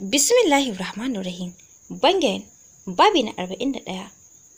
Bismillahir Rahmanir Rahim. Bangen, babi na 41.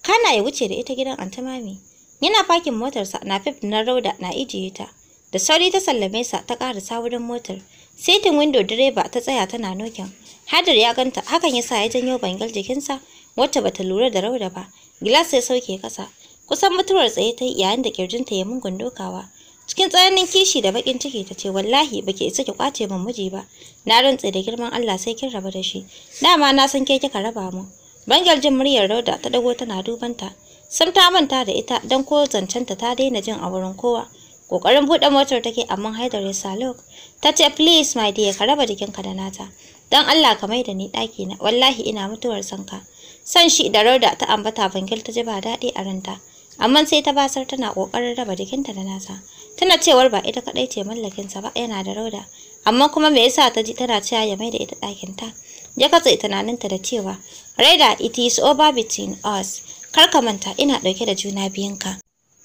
Kana ya wuce da ita gidan antamami. Yana fakin motarsa na fif na Rauda na ijiye ta. Da sauri ta sallame sa ta karasa wurin motar. Setin window direba ta tsaya tana nokin. Hadar ya ganta hakan yasa ya janyo bangal jikinsa wacce bata lura da Rauda ba. Glass ya sauke kasa. Kusan mutuwar tsaye ta yayin da kirjinta ya mungun dokawa. cikin tsananin kishi da bakin ciki tace wallahi baki isa ki kwace min miji ba na rantse da girman Allah sai kin raba da shi dama na san ke kika raba mu bangal jin muryar Rauda ta dago tana duban ta sam ta manta da ita dan ko zancenta ta daina jin a wurin kowa kokarin bude motar take amma Haidar ya salok tace ce please my dear ka raba jikinka da nata dan Allah ka mai da ni daki na wallahi ina mutuwar sanka san shi da Rauda ta ambata bangal ta ji ba daɗi a ranta amma sai ta basar tana kokarin raba jikinta da nasa tana cewar ba ita kadai ce mallakinsa ba yana da rauda amma kuma me yasa ta ji tana cewa ya maida ita dakin ta ya katse tunaninta da cewa raida it is over between us kar ka manta ina dauke da juna biyunka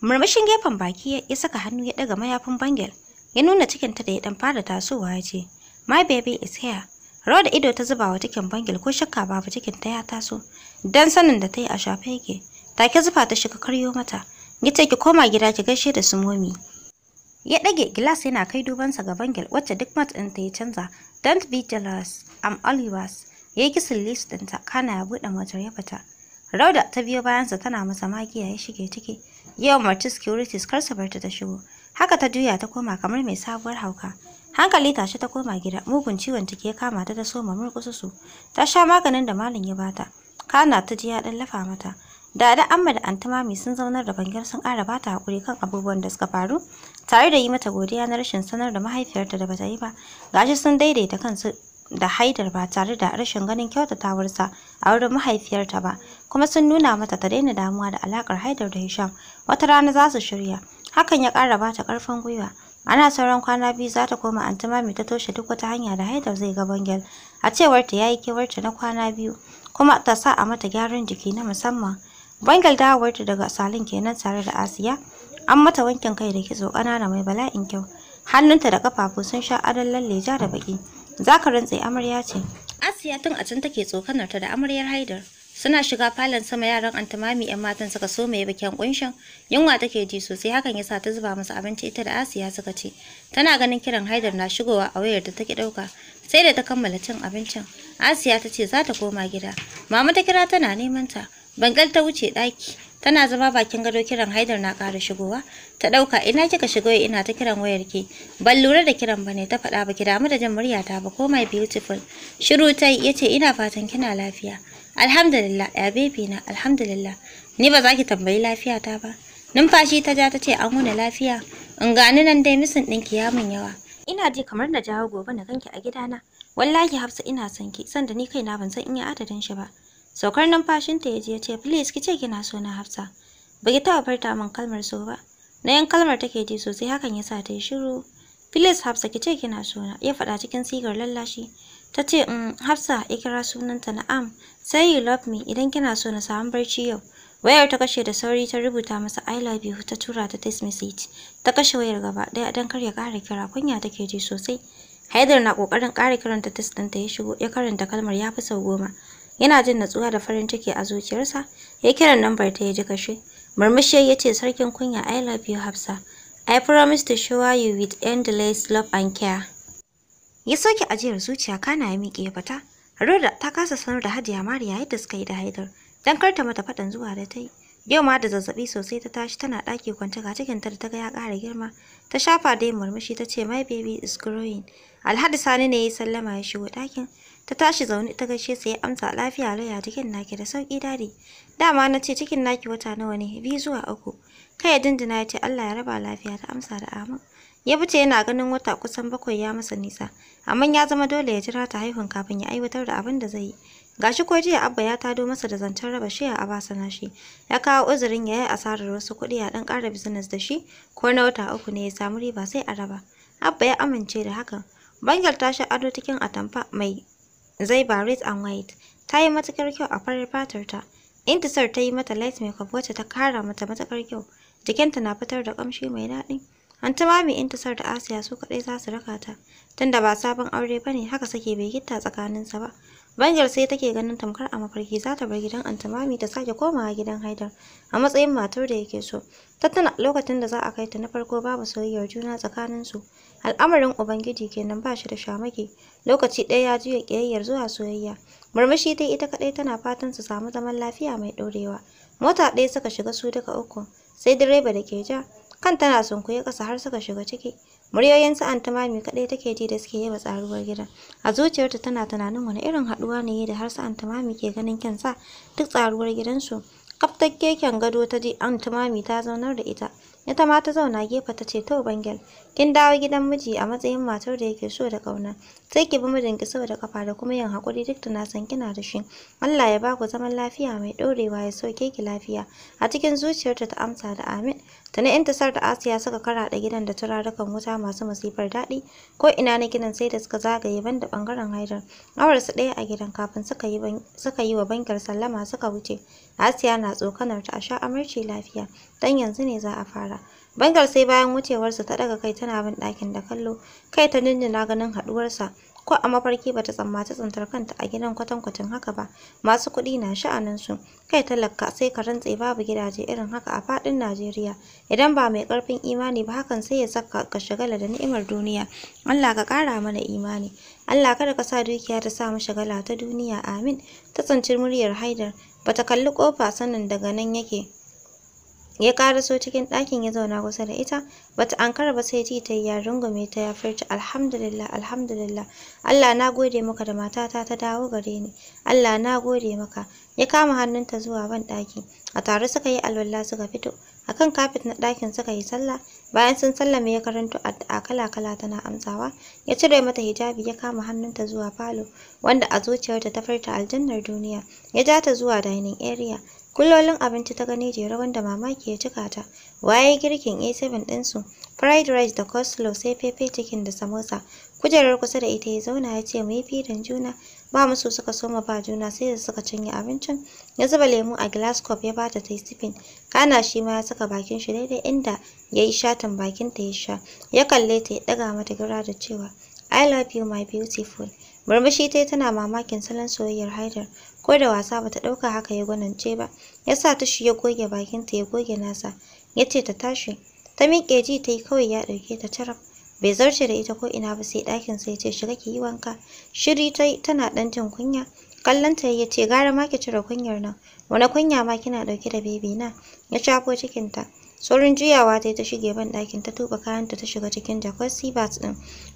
murmushin gefen baki ya saka hannu ya daga mayafin bangel ya nuna cikinta da ya dan fara tasowa ya ce my baby is here Rawa ido ta zuba wa cikin bangil ko shakka babu cikin ta ya taso. Dan sanin da ta yi a shafe yake. take zufa ta shiga karyo mata gita ki koma gida ki gaishe da su momi ya dage gilas yana kai dubansa ga bangel wacce duk mat din ta ya canza don't be jealous am all yours yayi yi list lis ɗinta kana ya bude motar ya fita rauda ta biyo bayan sa tana masa magiya ya shige ciki yau marti securities kar su barta ta shigo haka ta juya ta koma kamar mai sabuwar hauka hankali ta shi ta koma gida mugun ciwon take ya kama ta da so soma su ta sha maganin da malam ya bata kana ta ji ya dan lafa mata Da da, Amma da Anta sun zaunar da bangar sun ƙara bata haƙuri kan abubuwan da suka faru tare da yi mata godiya na rashin sanar da mahaifiyarta da bata yi ba. shi sun daidaita kansu da Haidar ba tare da rashin ganin kyautatawarsa a wurin mahaifiyarta ba, kuma sun nuna mata ta daina damuwa da alakar Haidar da Hisham. Wata rana za su shirya. Hakan ya ƙara bata ƙarfin gwiwa. Ana sauran kwana biyu za ta koma Antimami ta toshe duk wata hanya da Haidar zai ga Bangel. A cewarta ya yi kewarta na kwana biyu, kuma ta sa a mata gyaran jiki na musamman. Bangal dawowarta daga salon kenan tare da Asiya. An mata wankin kai da kitso ƙanana mai bala'in kyau. Hannunta da kafafu sun sha adon lalle ja da baki. Zaka rantse amarya ce. Asiya tun a can take tsokanar ta da amaryar Haidar. Suna shiga falon sama yaran antamami yan matan suka so mai bikin kunshin. Yunwa take ji sosai hakan yasa ta zuba masa abinci ita da Asiya suka ce. Tana ganin kiran Haidar na shigowa a wayar da take ɗauka. Sai da ta kammala cin abincin. Asiya ta ce za ta koma gida. Mama ta kira tana neman ta. bangal ta wuce daki tana zama bakin gado kiran haidar na ƙara shigowa ta ɗauka ina kika shigo ina ta kiran wayar ki ban lura da kiran bane ta faɗa kira damu da jin ta ba ko my beautiful shiru ta yace ina fatan kina lafiya alhamdulillah ya baby na alhamdulillah ni ba za ki tambayi lafiyata ba numfashi ta ja ta ce an huna lafiya in gani nan dai misin ɗinki ya mun yawa ina ji kamar na jawo gobe na ganki a gidana wallahi hafsa ina son ki sanda ni kaina ban san in ya adadin shi ba saukar numfashinta ya ji ya ce please ki ce kina so na hafsa ba ki taɓa farta min kalmar so ba na yan kalmar take ji sosai hakan ya sa ta yi shiru please hafsa ki ce kina so na ya faɗa cikin sigar lallashi ta ce um hafsa ya kira sunanta na am sai you love me idan kina so na samu barci yau wayar ta kashe da sauri ta rubuta masa I love you ta tura ta text message ta kashe wayar gaba ɗaya don kar ya kara kira kunya take ji sosai Haidar na kokarin kara kiranta text ɗinta ta ya shigo ya karanta kalmar ya fi sau goma yana jin natsuwa da farin ciki a zuciyarsa ya kira lambar ta ya ji kashe murmushi ya ce sarkin kunya i love you hafsa i promise to shower you with endless love and care ya soke ajiyar zuciya kana ya miƙe fata fita Roda ta kasa sanar da Hajiya Mariya yadda suka yi da Haidar dan karta mata faɗan zuwa da ta yi yau ma da zazzabi sosai ta tashi tana ɗaki kwance ga cikinta da ta ga ya ƙara girma ta shafa dai murmushi ta ce my baby is growing alhadi sani ne ya sallama ya shigo ɗakin ta tashi zaune ta gaishe sa ya amsa lafiya lauya cikin naki da sauki dadi dama na ce cikin naki wata nawa ne biyu zuwa uku kai ya dindina ya ce Allah ya raba lafiya ta amsa da amin ya fice yana ganin wata kusan bakwai ya masa nisa amma ya zama dole ya jira ta haihun kafin ya aiwatar da abin da zai yi gashi ko jiya abba ya tado masa da zancen raba shi a basa na shi ya kawo uzurin ya yi asarar wasu kuɗi a ɗan ƙara business da shi ko na wata uku ne ya samu riba sai a raba abba ya amince da hakan bangal ta sha ado cikin atamfa mai Zai Red and White, ta yi matukar kyau a farar fatar ta. Intisar ta yi mata light makeup wacce ta kara mata matuƙar kyau. Jikinta na fitar da kamshi mai daɗi. Antumami Intisar da Asiya su kaɗai za su raka ta, tunda ba sabon aure ba ne haka sake bai gitta tsakaninsa ba. Bangar sai take ganin tamkar a mafarki za ta bar gidan antimami ta sake komawa gidan Haidar a matsayin matar da yake so. Ta tana lokacin da za a kai ta na farko babu soyayyar juna tsakaninsu. Al'amarin Ubangiji kenan ba shi da shamaki. Lokaci ɗaya ya juya ƙiyayyar zuwa soyayya. Murmushi dai ita kaɗai tana fatan su samu zaman lafiya mai ɗorewa. Mota ɗaya suka shiga su duka uku, sai direba da ke ja, kan tana sunkuye ƙasa har suka shiga ciki. Muryoyin su Antumami kaɗai take ji da suke yaba tsaruwar gidan. A zuciyarta tana tunanin wani irin haɗuwa ne da har su Antumami ke ganin kyansa duk tsaruwar gidansu. Kaftar keken gado ta ji Antumami ta zaunar da ita. Ita ma ta zauna gefe ta ce to Bangel, kin dawo gidan miji a matsayin matar da yake so da kauna sai ki bi mijinki sau da kafa da kuma yin hakuri duk tana san kina da shi Allah ya baku zaman lafiya mai dorewa ya sauke ki lafiya a cikin zuciyarta ta amsa da amin tana intasar da Asiya suka karaɗa gidan da turarukan wuta masu masifar daɗi ko ina na gidan sai da suka zagaye banda bangaren Haidar awar su ɗaya a gidan kafin suka yi suka yi wa bankar sallama suka wuce Asiya na tsokanar ta a sha amarci lafiya dan yanzu ne za a fara bangar sai bayan wucewarsa ta daga kai tana bin ɗakin da kallo, kai ta jinjina ganin haɗuwarsa, ko a mafarki bata tsammaci tsintar kanta a gidan kwatankwacin haka ba, masu kuɗi na sha'aninsu, kai talaka sai ka rantse babu gidaje irin haka a faɗin Najeriya, idan ba mai ƙarfin imani ba hakan sai ya saka ka shagala da ni'imar duniya, Allah ka kara mana imani, Allah kada ka sa dukiya ta sa mu shagala ta duniya amin, ta tsinci muryar Haidar, bata kalli kofa sanin daga nan yake. ya karaso cikin ɗakin ya zauna kusa da ita bata ankara ba sai ji tayi ya rungume ta ya furta alhamdulillah alhamdulillah Allah na gode maka da matata ta dawo gare ni Allah na gode maka ya kama hannunta zuwa ban ɗaki a tare suka yi alwala suka fito akan kafet na ɗakin suka yi sallah bayan sun sallame ya karanto addu'a kala kala tana amsawa ya cire mata hijabi ya kama hannunta zuwa falo wanda a zuciyarta ta furta aljannar duniya ya ja ta zuwa dining area Kullolin abinci ta gani rawan da mamaki ya cika ta. Waye girkin A7 ɗinsu, fried rice da coleslaw sai fefe chicken da samosa. Kujerar kusa da ita ya zauna ya ce mu yi fidan juna. Ba musu suka soma ba juna sai da suka cinye abincin. Ya zuba lemu a glass cup ya bata ta sipin. Kana shi ma ya saka bakin shi daidai inda ya yi shatan bakin ta ya sha. Ya kalle ta ya ɗaga mata gira da cewa I love you my beautiful. Murmushi ta yi tana mamakin salon soyayyar Haidar, ko da wasa bata ɗauka haka ya gwanance ba, ya sa tashi ya goge bakinta ya goge nasa, ya ce ta tashi. Ta miƙe ji ta yi kawai ya ɗauke ta carab. Bai zarce da ita ko ina ba sai ɗakin sai ce shiga ki yi wanka. Shiri ta tana ɗan jin kunya, kallon ta ya ce gara ma ki cire kunyar nan, wani kunya ma kina ɗauke da bebi na, ya shafo cikinta. Saurin juyawa ta ta shige ban ɗakin ta tuba kayanta ta shiga cikin jakar Seabird ɗin.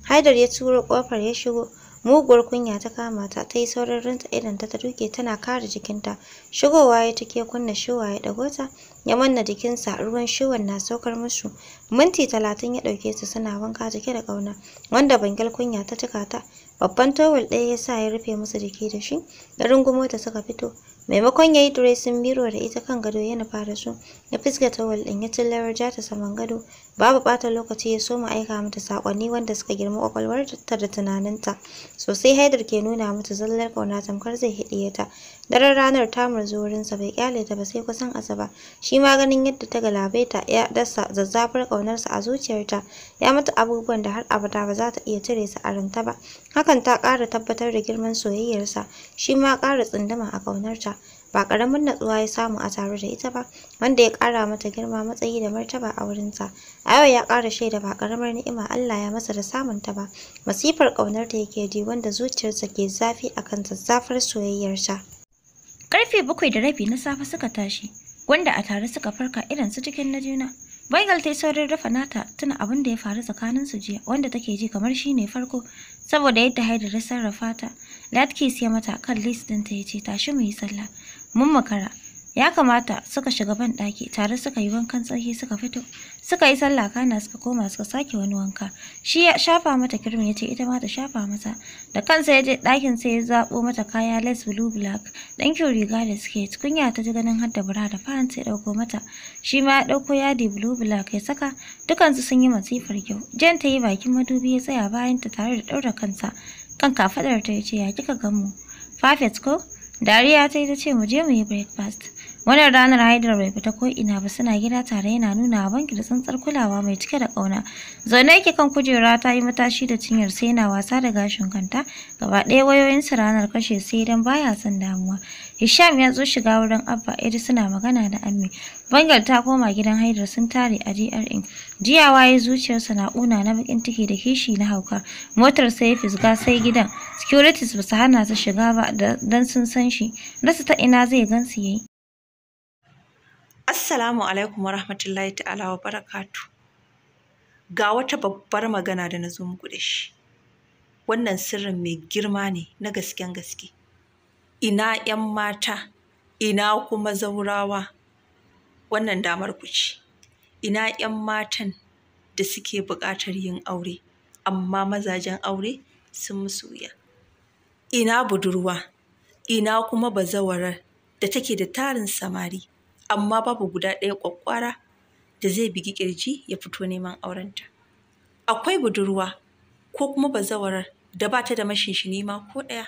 Haidar ya turo ƙofar ya shigo. muguwar kunya ta kama ta ta yi saurin rinta idan ta duke tana kare jikinta shigowa ya take kunna shiwa ya dago ta ya manna jikinsa ruwan shiwan na saukar musu minti talatin ya ɗauke su suna wanka jike da ƙauna wanda bangal kunya ta cika ta babban towel ɗaya ya sa ya rufe musu jiki da shi da rungumo ta suka fito maimakon ya yi diresin biro da ita kan gado yana fara so ya fuska tawal ɗin ya tillar ja ta saman gado babu ɓata lokaci ya soma aika mata sakonni wanda suka girma kwakwalwar ta da tunaninta sosai haidar ke nuna mata zallar kauna tamkar zai hiɗiye ta Daren ranar ta murzo wurinsa bai kyale ta ba sai kusan asaba Shi ma ganin yadda ta galabe ta ya dasa zazzafar ƙaunarsa a zuciyarta, ya mata abubuwan da har abada ba za ta iya cire su a ranta ba. Hakan ta ƙara tabbatar da girman soyayyarsa, shi ma ƙara tsindama a ƙaunarta. Ba ƙaramin natsuwa ya samu a tare da ita ba, wanda ya ƙara mata girma matsayi da martaba a wurinsa. A yau ya ƙara shaida ba ƙaramar ni'ima Allah ya masa da samunta ba. Masifar ƙaunarta yake ji wanda zuciyarsa ke zafi akan zazzafar soyayyarta. Karfe bakwai da rabi na safe suka tashi, wanda a tare suka farka irin su cikin na juna. Baigal ta yi saurin rufe nata tuna abin da ya faru tsakanin su jiya wanda take ji kamar shi ne farko saboda yadda haida ya sarrafa ta. Latkis ya mata kan list ɗinta ya ce tashi mu yi sallah. Mun makara. ya kamata suka shiga ban ɗaki tare suka yi wankan tsarki suka fito suka yi sallah kana suka koma suka sake wani wanka shi ya shafa mata kirmi ya ce ita ma ta shafa masa da kansa ya je ɗakin sai ya zaɓo mata kaya less blue black kyau, riga da suke kunya ta ji ganin har da bura da sai ɗauko mata shi ma ya ɗauko yadi blue black ya saka dukansu sun yi masifar kyau jan ta yi bakin madubi ya tsaya bayan ta tare da ɗaura kansa kan kafaɗar ta ya ce ya kika gamu fafet ko dariya ta yi ta ce mu je mu yi breakfast Wannan ranar Haidar bai fita ko ina ba suna gida tare yana nuna wa banki tsantsar kulawa mai cike da ƙauna. Zaune yake kan kujera ta yi matashi da cinyar sai yana wasa da gashin kanta gaba ɗaya wayoyin wayoyinsa ranar kashe sai dan baya son damuwa. Hisham ya zo shiga wurin Abba Idi suna magana da Ammi. Bangal ta koma gidan Haidar sun tare a DRN. Jiya waye zuciyarsa na una na bakin ciki da kishi na hauka. Motar sai fisga sai gidan. Securities ba su hana su shiga ba dan sun san shi. Rasa ta ina zai gansu yayi. Assalamu alaikum wa rahmatullahi ta'ala wa barakatu. Ga wata babbar magana da na zo muku da shi. Wannan sirrin mai girma ne na gasken gaske. Ina ‘yan mata, ina kuma zaurawa, wannan damar ku ce. Ina ‘yan matan da suke buƙatar yin aure, amma mazajen aure sun musu wuya. Ina budurwa, ina kuma bazawarar da take da tarin samari. amma babu guda ɗaya ƙwaƙƙwara da zai bigi ƙirji ya fito neman aurenta. Akwai budurwa ko kuma bazawarar da ba ta da mashinshini ma ko ɗaya,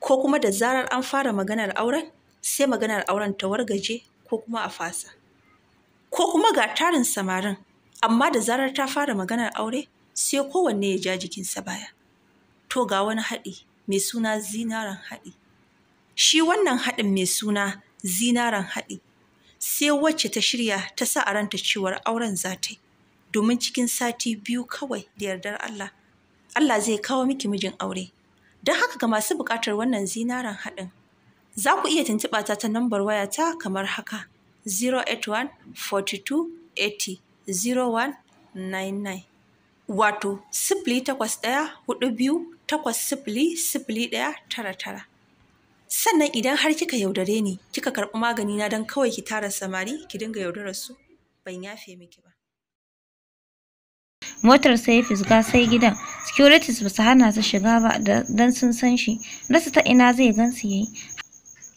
ko kuma da zarar an fara maganar auren sai maganar auren ta wargaje ko kuma a fasa. Ko kuma ga tarin samarin, amma da zarar ta fara maganar aure sai kowanne ya ja jikinsa baya. To ga wani haɗi mai suna zinaren haɗi. Shi wannan haɗin mai suna zinaren haɗi sai wacce ta shirya ta sa a ranta cewar auren za ta yi domin cikin sati biyu kawai da yardar Allah Allah zai kawo miki mijin aure don haka ga masu buƙatar wannan zinaren haɗin za ku iya tuntuɓa ta ta nambar ta kamar haka 081 42 80 0199 wato sifili takwas ɗaya hudu biyu takwas sifili sifili ɗaya tara tara sannan idan har kika yaudare ni kika karɓi magani na don kawai ki tara samari ki dinga yaudarar su ban yafe miki ba motar sai fisga sai gidan securities ba su hana su shiga ba don sun san shi nasu ta ina zai gan su yayi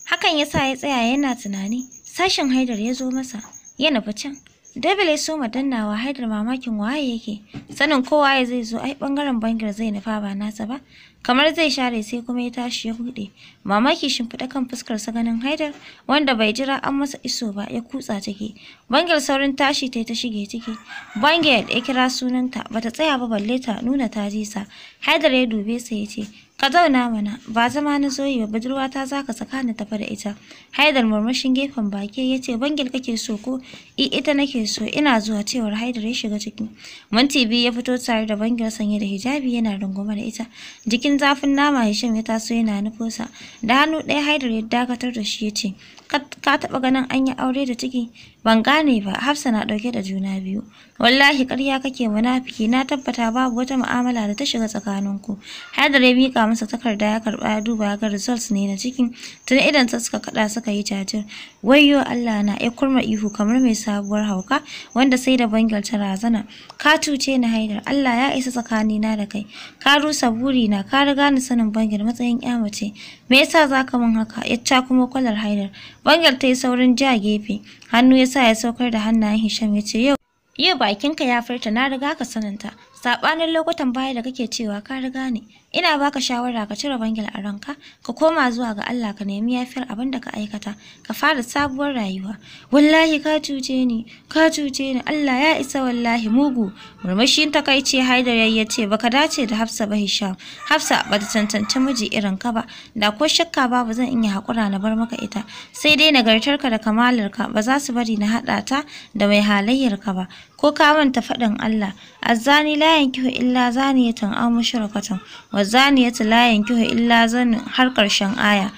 hakan yasa ya tsaya yana tunani sashen haidar ya zo masa ya nufi can Devil ya soma dannawa haidar mamakin waye yake, sanin kowa ya zai zo ai bangaren bangar zai nufa ba nasa ba, kamar zai share sai kuma ya tashi ya buɗe. Mamaki shimfiɗa kan fuskar sa ganin haidar wanda bai jira an masa iso ba ya kutsa ciki. Bangar saurin tashi ta ta shige ciki. Bangar ya kira sunanta bata tsaya ba balle ta nuna ta jisa. Haidar ya dube sa ya ce, Ka zauna mana, ba zama na zo ba budurwata za ka saka ni tafa da ita. Haidar murmushin gefen baki ya ce bangil kake so ko i ita nake so ina zuwa cewar Haidar ya shiga ciki. Minti biyu ya fito tare da bangil sanye da hijabi yana rungume da ita. Jikin zafin nama ya shim ya taso yana nufosa. Da hannu ɗaya Haidar ya dakatar da shi ya ce ka taɓa ganin an yi aure da ciki? Ban gane ba, Hafsa na ɗauke da juna biyu. wallahi ƙarya kake munafiki na tabbata babu wata mu'amala da ta shiga tsakaninku haidar ya miƙa masa takarda ya karɓa ya duba ya ga results ne na cikin tun idan ta suka kaɗa suka yi cajin. wayyo Allah na ya kurma ihu kamar mai sabuwar hauka wanda sai da bangar ta razana ka tuce ni haidar Allah ya isa tsakani na da kai ka rusa buri na ka riga ni sanin bangar, matsayin ƴa mace me yasa zaka min haka ya kuma kwalar haidar Bangar ta yi saurin ja gefe hannu ya sa ya saukar da hannayen hisham ya ce yau Iya bakinka ya furta na riga ka saninta, Saɓanin lokutan baya da kake cewa ka riga ni, ina baka shawara ka cire bangil a ranka, ka koma zuwa ga Allah ka nemi yafiyar abin da ka aikata, ka fara sabuwar rayuwa. Wallahi ka cuce ni, ka cuce ni, Allah ya isa wallahi mugu. Murmushin takaici Haidar ya ce baka dace da Hafsa ba Hisham. Hafsa ba ta tantance miji irin ka ba, da ko shakka babu zan iya hakura na bar maka ita, sai dai nagartarka da kamalarka ba za su bari na haɗa ta da mai halayyar ka ba. ko ka manta faɗin Allah azzani la yankihu illa zaniyatan aw mushrikatan wa zaniyatu la yankihu illa zani har ƙarshen aya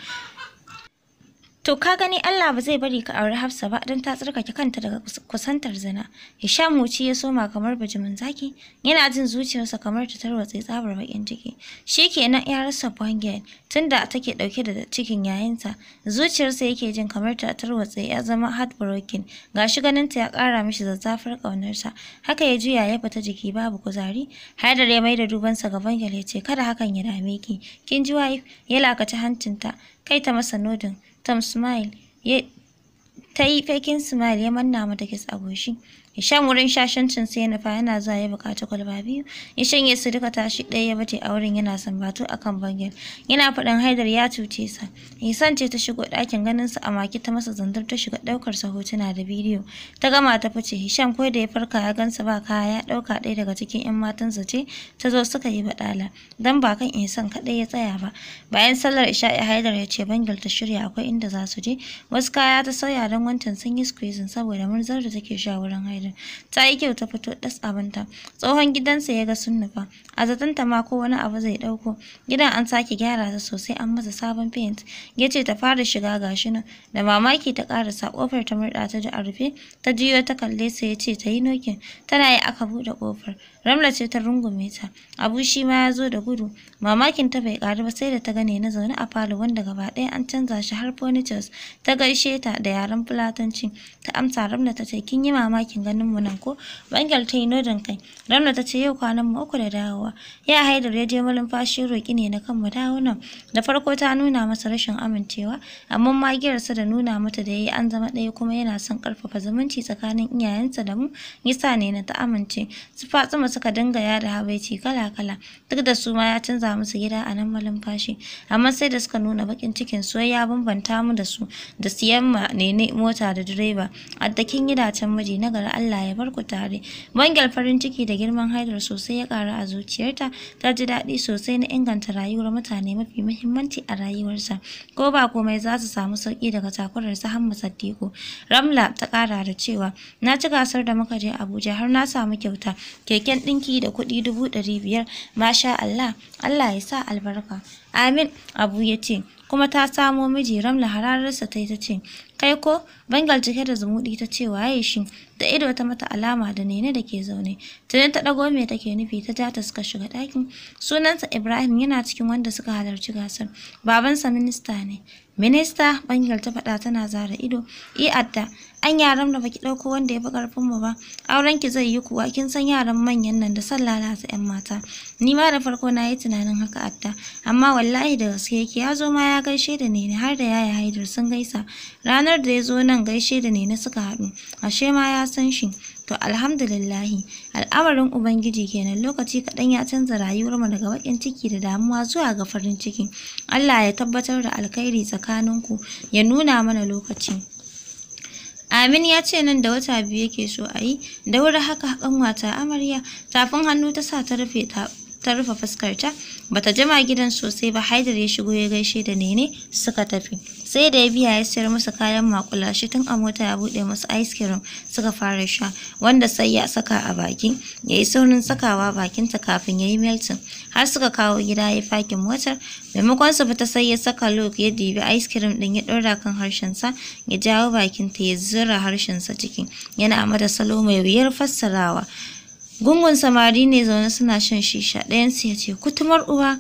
To ka gani Allah ba zai bari ka auri Hafsa ba don ta tsarkake kanta daga kusantar zina. Ya sha Muci ya soma kamar bijimin zaki, yana jin zuciyarsa kamar ta tarwatse tsabar bakin ciki. nan ya rasa tun da take ɗauke da cikin yayinta, zuciyarsa yake jin kamar ta tarwatse ya zama heartbroken. shi ganinta ya kara mishi zazzafar kaunarsa. Haka ya juya ya fita jiki babu kuzari, Haidar ya maida dubansa ga Bangel ya ce kada hakan ya dame ki. Kin ji wife ya lakaci hancinta, kai ta masa nodin. Tom Smile ya ta yi fakin smile ya manna mata kiss a goshi. Hisham wurin shashancin sai nufa yana zuwa ya bukaci kwalba biyu. Ya shanye su duka tashi ɗaya ya bace a wurin yana a kan bangel. Yana faɗin haidar ya cuce sa. Hisan ce ta shigo dakin ganin sa a maki ta masa zandar ta shiga ɗaukar sa hotuna da bidiyo. Ta gama ta fice Hisham ko da ya farka ya gansa ba kaya ya ɗauka ɗaya daga cikin 'yan sa ce ta zo suka yi baɗala. Dan ba kan isan kaɗai ya tsaya ba. Bayan sallar isha'i haidar ya ce bangel ta shirya akwai inda za su je. Wasu kaya ta sauya don wancan sun yi squeezing saboda murzar da take sha wurin haidar. sirrin ta yi kyau ta fito ɗas abinta tsohon gidansa ya ga sun nufa a ta ma ko wani abu zai ɗauko gidan an sake gyara ta sosai an masa sabon paint ya ce ta fara shiga gashi nan da mamaki ta ƙara sa ƙofar ta murɗa ta ji a rufe ta juyo ta kalle sa ya ce ta yi nokin tana yi aka buɗe ƙofar Ramla ce ta rungume ta. Abu shi ma ya zo da gudu. Mamakin ta bai ƙaru ba sai da ta gane na zaune a falo wanda gaba ɗaya an canza shi har furnitures. Ta gaishe ta da yaren Fulatanci. Ta amsa Ramla ta ce kin yi mamakin ganin mu nan ko? Bangal ta yi nodin kai. Ramla ta ce yau kwanan mu uku da dawowa. Ya haidar ya je malin fashi roƙi ne na kan mu dawo nan. Da farko ta nuna masa rashin amincewa amma magiyarsa da nuna mata da yayi an zama ɗaya kuma yana son ƙarfafa zumunci tsakanin iyayensa da mu. Yasa ne na ta amince. Su fatsuma suka dinga yada habaici kala-kala duk da su ma ya canza musu gida a nan malumfashi amma sai da suka nuna bakin cikin soyayya ya bambanta mu da su da siyan ma ne mota da direba addakin gidacen miji na gari Allah ya barku tare bangal farin ciki da girman haidar sosai ya kara a zuciyarta ta ji daɗi sosai na inganta rayuwar mutane mafi muhimmanci a rayuwarsa ko ba komai za su samu sauki daga takurar su Hamma Saddiku Ramla ta ƙara da cewa na ci gasar da muka je Abuja har na samu kyauta keken ɗinki da kuɗi dubu ɗari biyar masha Allah Allah ya sa albarka amin abu ya ce kuma ta samo miji ramla harararsa ta yi ta ce kai ko bangal cike da zumuɗi ta ce waye shi da ido ta mata alama da nene da ke zaune tunan ta ɗago me take nufi ta ja ta suka shiga ɗakin sunansa ibrahim yana cikin wanda suka halarci gasar babansa minista ne minista bangal ta faɗa tana zara ido i adda an yaran da baki ɗauko wanda ya fi karfin mu ba auren ki zai yi kuwa kin san yaran manyan nan da son lalata yan mata ni ma da farko na yi tunanin haka atta amma wallahi da gaske yake ya zo ma ya gaishe da ni har da yaya haidar sun gaisa ranar da ya zo nan gaishe da ni na suka haɗu ashe ma ya san shi To alhamdulillahi, al'amarin Ubangiji kenan lokaci kaɗan ya canza rayuwar mu daga bakin ciki da damuwa zuwa ga farin ciki. Allah ya tabbatar da alkhairi tsakaninku, ya nuna mana lokaci. Amin ya ce nan da wata biyu yake so a yi, da wuri haka kanwata amarya tafin hannu ta sa ta rufe ta ta rufe fuskarta bata jima gidan sosai ba haidar ya shigo ya gaishe da nene suka tafi sai da ya biya ya sayar musu kayan makulashi tun a mota ya buɗe musu ice cream suka fara sha wanda sai ya saka a baki ya yi saurin sakawa bakinta kafin ya yi melting har suka kawo gida ya fakin motar maimakon su fita sai ya saka Luke ya dibi ice cream din ya ɗora kan harshen sa ya jawo bakinta ya zura harshen sa ciki yana mata salo mai wuyar fassarawa gungun samari ne zaune suna shan shisha su ya ce kutumar uwa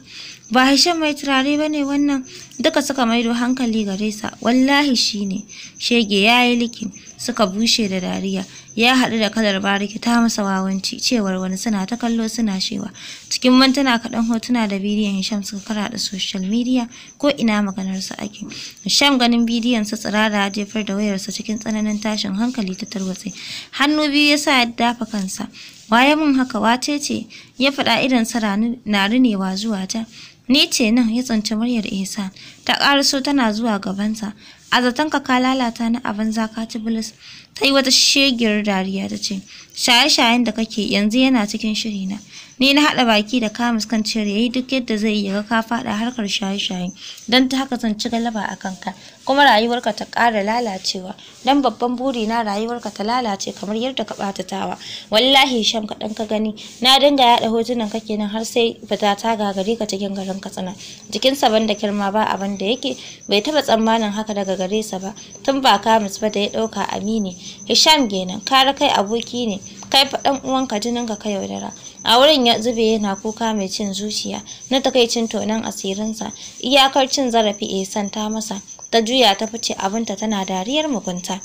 ba Hisham mai turare ba ne wannan duka suka maido hankali gare sa wallahi shi ne shege ya yi likin suka bushe da dariya ya haɗu da kalar bariki ta masa wawanci cewar wani suna ta kallo suna shewa cikin mantana kaɗan hotuna da bidiyon Hisham suka kara da social media ko ina maganar maganarsa ake Hisham ganin bidiyon sa tsirara ya jefar da wayarsa cikin tsananin tashin hankali ta tarwatse hannu biyu ya sa ya dafa kansa waye mun haka wace ce ya faɗa idan sa na rinewa zuwa ta Ni ce nan ya tsanci muryar Isa, Ta ƙaraso tana zuwa gabanta A zaton ka lalata na abin banza ta bulus bilis. Ta yi wata shegiyar dariya ta ce, shaye-shayen da kake yanzu yana cikin shirina. ni na haɗa baki da kamus kan cire yayi duk yadda zai yi ka faɗa harkar shaye-shaye don ta haka zan ci galaba a kanka kuma rayuwarka ta ƙara lalacewa dan babban buri na rayuwarka ta lalace kamar yadda ka ɓata tawa wallahi sham ka ɗan ka gani na dinga yaɗa hotunan kake nan har sai fita ta gagare ka cikin garin katsina jikin sa da kirma ba abin da yake bai taɓa tsammanin haka daga gare sa ba tun ba kamus ba da ya ɗauka amini hisham kenan kare kai aboki ne kai fa dan uwanka jininka ka yaudara a wurin ya zube yana kuka mai cin zuciya na takaicin tonan asirinsa iyakar cin zarafi ihsan eh, santa masa ta juya ta fice abinta tana dariyar mugunta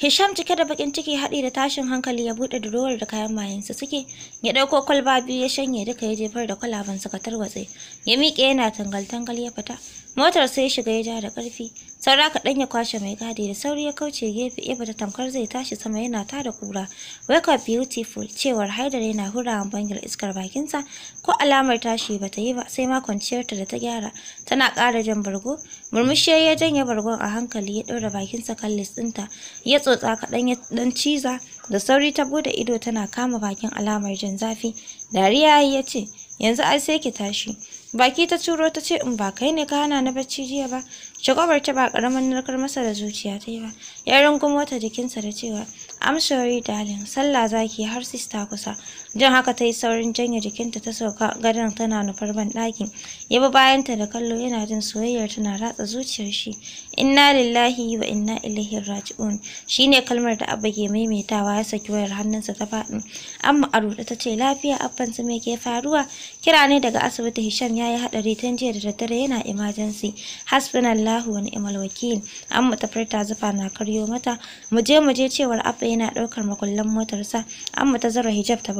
Hisham cike da bakin ciki haɗi da tashin hankali ya buɗe durowar da kayan mayansa suke, ya ɗauko kwalba biyu ya shanye duka ya jefar da kwalaban suka tarwatse, ya miƙe yana tangal-tangal ya fita, motar sai ya shiga ya ja da ƙarfi, saura kaɗan ya kwashe mai gadi da sauri ya kauce gefe iba da tamkar zai tashi sama yana ta da kura wake up beautiful cewar haidar yana hurawa bangar iskar bakinsa ko alamar tashi bata yi ba sai ma kwanciyarta da ta gyara tana ƙara jan bargo murmushi ya janye bargon a hankali ya ɗora bakinsa kan lis ɗinta ya tsotsa kaɗan ya ɗan ciza da sauri ta bude ido tana kama bakin alamar jan zafi dariya ya ce yanzu ai sai ki tashi baki ta turo ta ce in ba kai ne ka hana na bacci jiya ba Shagwabar ta ba ƙaramin narkar masa da zuciya ta yi ba. Ya rungumo wata jikinsa da cewa, I'm sorry darling, sallah zaki har sista kusa. Don haka ta yi saurin janye jikinta ta sauka gadon tana nufar ban ɗakin. Ya bi bayanta da kallo yana jin soyayyar tana ratsa zuciyar shi. inna lillahi wa inna ilaihi raji'un shine kalmar da abba ke maimaitawa ya saki wayar hannunsa ta faɗi amma a ta ce lafiya abban su me ke faruwa kira ne daga asibiti hisham ya yi haɗari tun jiya da daddare yana emergency hasbunallahu wa ni'mal wakil amma ta furta zufa na karyo mata mu je mu je cewar abba yana ɗaukar makullan motarsa amma ta zara hijab ta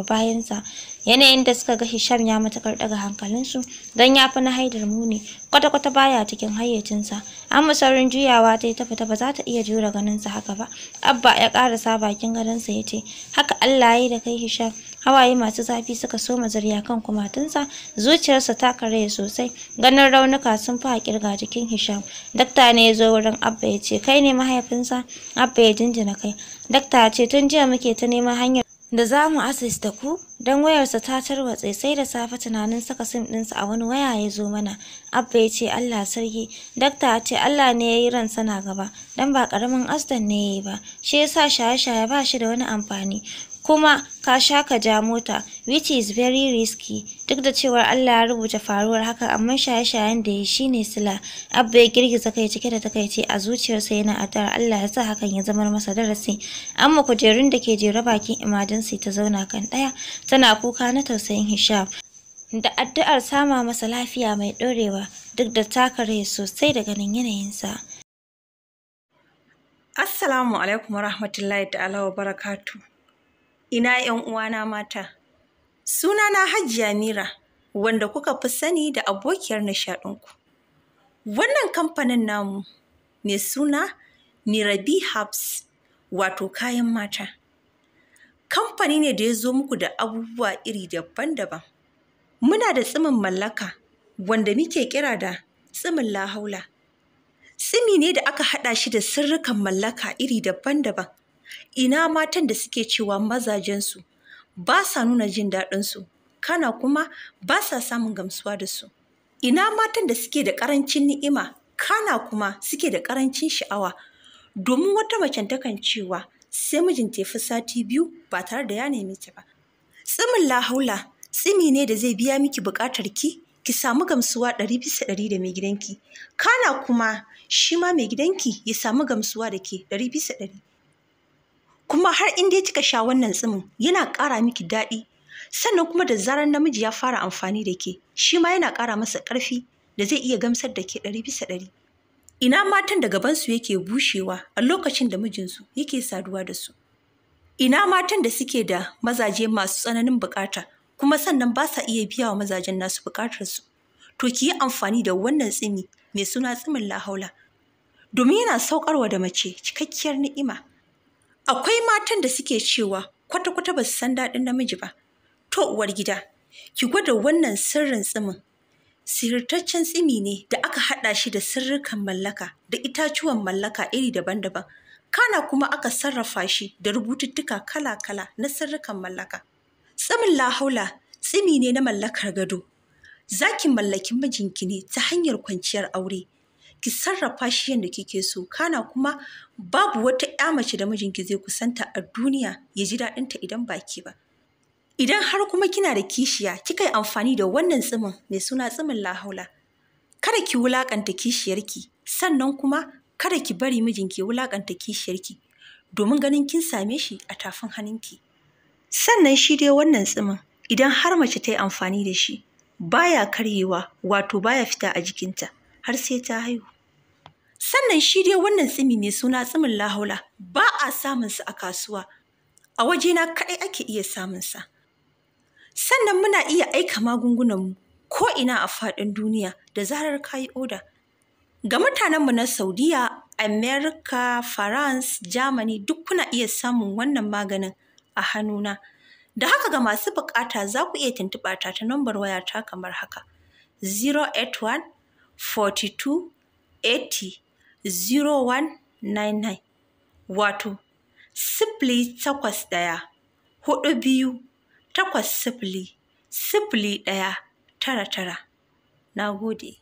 sa. yanayin da suka ga Hisham ya matakar daga hankalinsu don ya fi na haidar muni kwata-kwata baya cikin hayyacinsa An saurin juyawa ta yi tafi ba za ta iya jura ganinsa haka ba abba ya ƙarasa bakin gadonsa ya ce haka Allah ya yi da kai Hisham hawaye masu zafi suka soma zuriya kan kumatunsa zuciyarsa ta karaya sosai ganin raunuka sun fi kirga jikin Hisham dakta ne ya zo wurin abba ya ce kai ne mahaifinsa abba ya jinjina kai dakta ce tun jiya muke ta neman hanyar da za mu asista ku don wayarsa ta tarwatse sai da safe tunanin saka sim ɗinsa a wani waya ya zo mana abba ya ce allah sarki dakta a ce allah ne ya yi ran sana gaba don ba ƙaramin asdan ne ya yi ba shi ya sa shaye-shaye ba shi da wani amfani kuma ka sha ka ja mota which is very risky duk da cewar Allah ya rubuta faruwar haka amma shaye-shayen da ya shine sila abba ya girgiza kai cike da takaici a zuciyarsa yana addu'ar Allah ya sa hakan ya zama masa darasi amma kujerun da ke jera bakin emergency ta zauna kan daya tana kuka na tausayin hishab da addu'ar sama masa lafiya mai dorewa duk da takare sosai da ganin yanayinsa Assalamu alaikum warahmatullahi ta'ala wa barakatu. ina 'yan uwana mata. Sunana Hajiya Mira, wanda kuka fi sani da abokiyar nishaɗinku. Wannan kamfanin namu mai suna Nirabi Hubs, wato kayan mata. Kamfani ne da ya zo muku da abubuwa iri daban-daban. Muna da tsimin mallaka, wanda muke kira da tsimin lahaula. Tsimi ne da aka haɗa shi da sirrikan mallaka iri daban-daban. ina matan da suke cewa mazajensu ba sa nuna jin daɗinsu kana kuma ba sa samun gamsuwa da su ina matan da suke da ƙarancin ni'ima kana kuma suke da ƙarancin sha'awa domin wata macen takan cewa sai mijin ya sati biyu ba tare da ya nemi ta ba tsimin lahaula tsimi ne da zai biya miki buƙatar ki ki samu gamsuwa ɗari bisa ɗari da mai gidanki kana kuma shi ma mai gidanki ya samu gamsuwa da ke ɗari bisa ɗari kuma har in ya cika sha wannan tsimin yana ƙara miki daɗi sannan kuma da zarar namiji ya fara amfani da ke shi ma yana ƙara masa ƙarfi da zai iya gamsar da ke ɗari bisa ɗari ina matan da gabansu yake bushewa a lokacin da mijinsu yake saduwa da su ina matan da suke da mazaje masu tsananin bukata kuma sannan ba sa iya biya wa mazajen nasu su, to ki yi amfani da wannan tsimi mai suna tsimin lahaula domin yana saukarwa da mace cikakkiyar ni'ima Akwai matan da suke cewa kwata-kwata ba su san daɗin namiji ba. To uwar gida, ki gwada wannan sirrin tsimin. Sihirtaccen tsimi ne da aka haɗa shi da sirrikan mallaka da itatuwan mallaka iri daban-daban. Kana kuma aka sarrafa shi da rubututtuka kala-kala na sirrikan mallaka. Tsimin lahaula tsimi ne na mallakar gado. Zakin mallakin mallaki mijinki ne ta hanyar kwanciyar aure. ki sarrafa shi yadda kike so kana kuma babu wata ƴa mace da mijinki zai kusanta a duniya ya ji daɗinta idan baki ba idan har kuma kina da kishiya kika yi amfani da wannan tsimin mai suna tsimin lahaula kada ki wulaƙanta kishiyarki sannan kuma kada ki bari mijinki ya wulaƙanta kishiyarki domin ganin kin same shi a tafin hannunki sannan shi dai wannan tsimin idan har mace ta yi amfani da shi baya karyewa wato baya fita a jikinta har sai ta haihu Sannan shi dai wannan tsimi mai suna tsimin lahaula ba a samun samunsa a kasuwa, a wajena kaɗai ake iya samunsa. Sannan muna iya aika magungunanmu ko'ina a faɗin duniya da zarar ka yi oda. Ga mutanenmu na Saudiya, Amerika, France, Germany duk kuna iya samun wannan maganin a hannuna. Da haka ga masu bukata za ku iya tuntuɓa ta ta nambar ta kamar haka: 081 42 80 0199 wato sifili takwas ɗaya hudu biyu takwas sifili sifili ɗaya tara tara. Na gode.